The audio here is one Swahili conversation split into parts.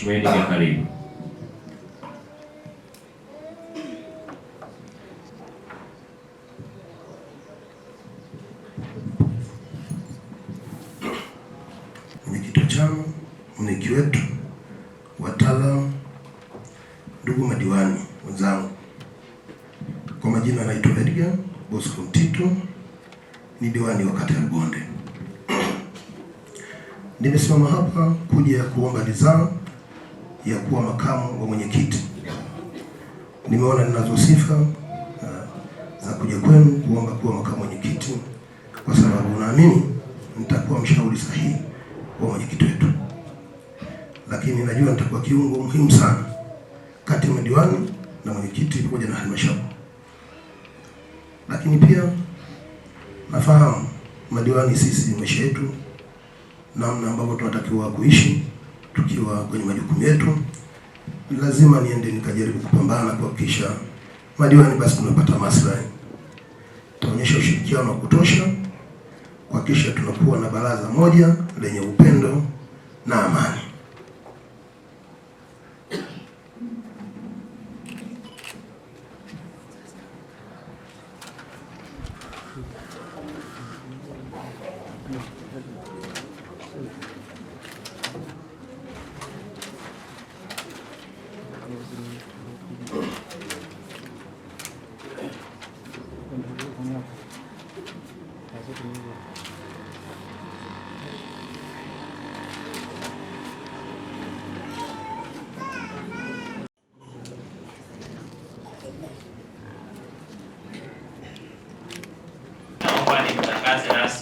Chueni kwa karibu. Mwenyekiti wa chama, mwenyekiti wetu, wataalamu, ndugu madiwani wenzangu, kwa majina naitwa Edgar Bosco Mtito, ni diwani wa kata ya Lugonde. Nimesimama hapa kuja kuomba ridhaa ya kuwa makamu wa mwenyekiti. Nimeona ninazo sifa eh, za kuja kwenu kuomba kuwa makamu mwenyekiti, kwa sababu naamini nitakuwa mshauri sahihi wa mwenyekiti wetu, lakini najua nitakuwa kiungo muhimu sana kati ya madiwani na mwenyekiti pamoja na halmashauri. Lakini pia nafahamu madiwani, sisi maisha yetu, namna ambavyo tunatakiwa kuishi tukiwa kwenye majukumu yetu, lazima niende nikajaribu kupambana kuhakikisha madiwani basi tunapata maslahi. Taonyesha ushirikiano wa kutosha kuhakikisha tunakuwa na baraza moja lenye upendo na amani.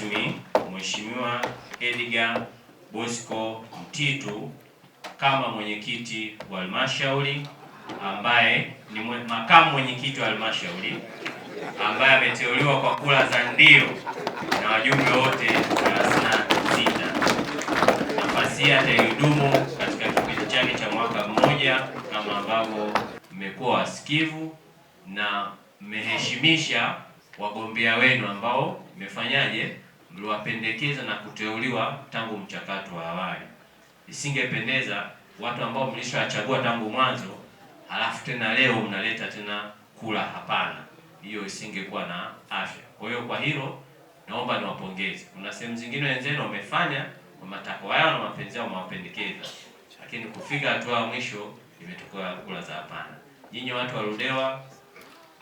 rasmi Mheshimiwa Edgar Bosco Mtitu kama mwenyekiti wa halmashauri ambaye ni mwe, makamu mwenyekiti wa halmashauri ambaye ameteuliwa kwa kura za ndio na wajumbe wote 36. Nafasi hii ataihudumu katika kipindi chake cha mwaka mmoja, kama ambavyo mmekuwa wasikivu na mmeheshimisha wagombea wenu ambao mmefanyaje mliwapendekeza na kuteuliwa tangu mchakato wa awali. Isingependeza watu ambao mlishawachagua tangu mwanzo, halafu tena leo mnaleta tena kula. Hapana, hiyo isingekuwa na afya. Kwa hiyo kwa hilo naomba niwapongeze. Kuna sehemu zingine wenzenu wamefanya kwa matakwa yao na mapenzi yao, mawapendekeza, lakini kufika hatua ya mwisho imetokea kula za hapana. Nyinyi watu wa Ludewa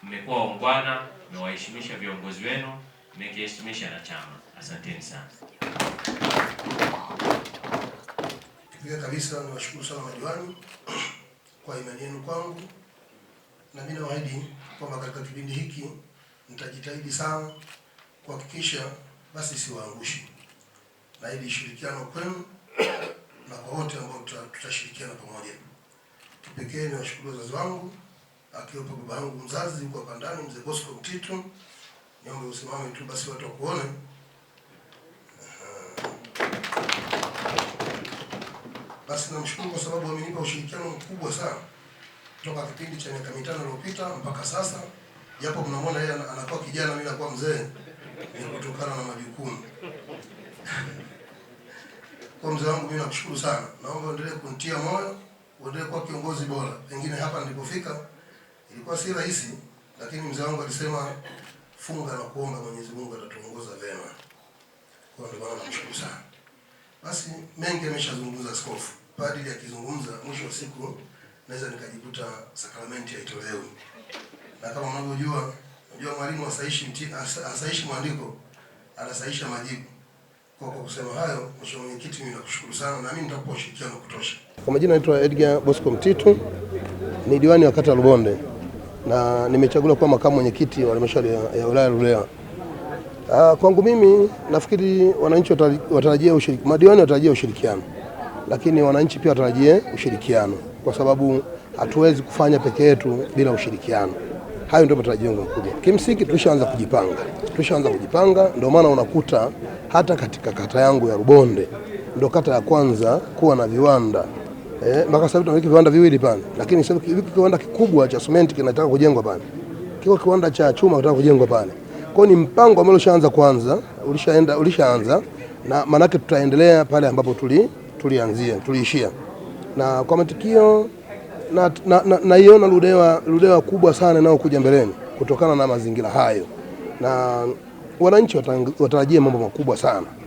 mmekuwa ungwana, mmewaheshimisha viongozi wenu, mmekiheshimisha na chama. Asanteni sana. Pia kabisa niwashukuru sana majiwani kwa imani yenu kwangu, na mimi naahidi kwamba katika kipindi hiki nitajitahidi sana kuhakikisha basi siwaangushi, Naahidi shirikiano kwenu na kwa wote ambao tutashirikiana pamoja. Kipekee washukuru wazazi wangu akiwepo baba yangu mzazi huko hapa ndani, mzee Bosco Mtitu, niombe usimame tu basi watu wakuone. Basi namshukuru kwa sababu amenipa ushirikiano mkubwa sana kutoka kipindi cha miaka mitano iliyopita mpaka sasa, japo mnamwona yeye anakuwa kijana, mimi nakuwa mzee, ni kutokana na majukumu kwa mzee wangu, mimi nakushukuru sana. Naomba uendelee kunitia moyo, uendelee kuwa kiongozi bora. Pengine hapa nilipofika ilikuwa si rahisi, lakini mzee wangu alisema funga na kuomba, Mwenyezi Mungu atatuongoza vema. Kwa ndio maana namshukuru sana. Basi mengi ameshazungumza askofu, padri akizungumza, mwisho wa siku naweza nikajikuta sakramenti haitolewi. Na kama unavyojua, unajua mwalimu asaishi mti, asaishi mwandiko, anasaisha majibu. Kwa kwa kusema hayo, mheshimiwa mwenyekiti, mimi nakushukuru sana na mimi nitakupa ushirikiano kutosha. Kwa majina naitwa Edgar Bosco Mtitu, ni diwani wa kata Lubonde na nimechaguliwa kuwa makamu mwenyekiti wa halmashauri ya wilaya rulea Uh, kwangu mimi nafikiri wananchi watarajia ushirikiano, madiwani watarajia ushirikiano, lakini wananchi pia watarajie ushirikiano kwa sababu hatuwezi kufanya peke yetu bila ushirikiano. Hayo ndio matarajio yangu makubwa. Kimsingi tulishaanza kujipanga, tulishaanza kujipanga, ndio maana unakuta hata katika kata yangu ya Rubonde ndio kata ya kwanza kuwa na viwanda eh, mpaka sasa tunaweka viwanda viwili pale, lakini sasa kiwanda kikubwa cha simenti kinataka kujengwa pale, kiko kiwanda cha chuma kinataka kujengwa pale kwa hiyo ni mpango ambao ulishaanza kwanza, ulishaenda ulishaanza, na maanake tutaendelea pale ambapo tuli tulianzia tuliishia, na kwa matukio naiona na, na, na Ludewa, Ludewa kubwa sana inayokuja mbeleni kutokana na mazingira hayo, na wananchi watarajie mambo makubwa sana.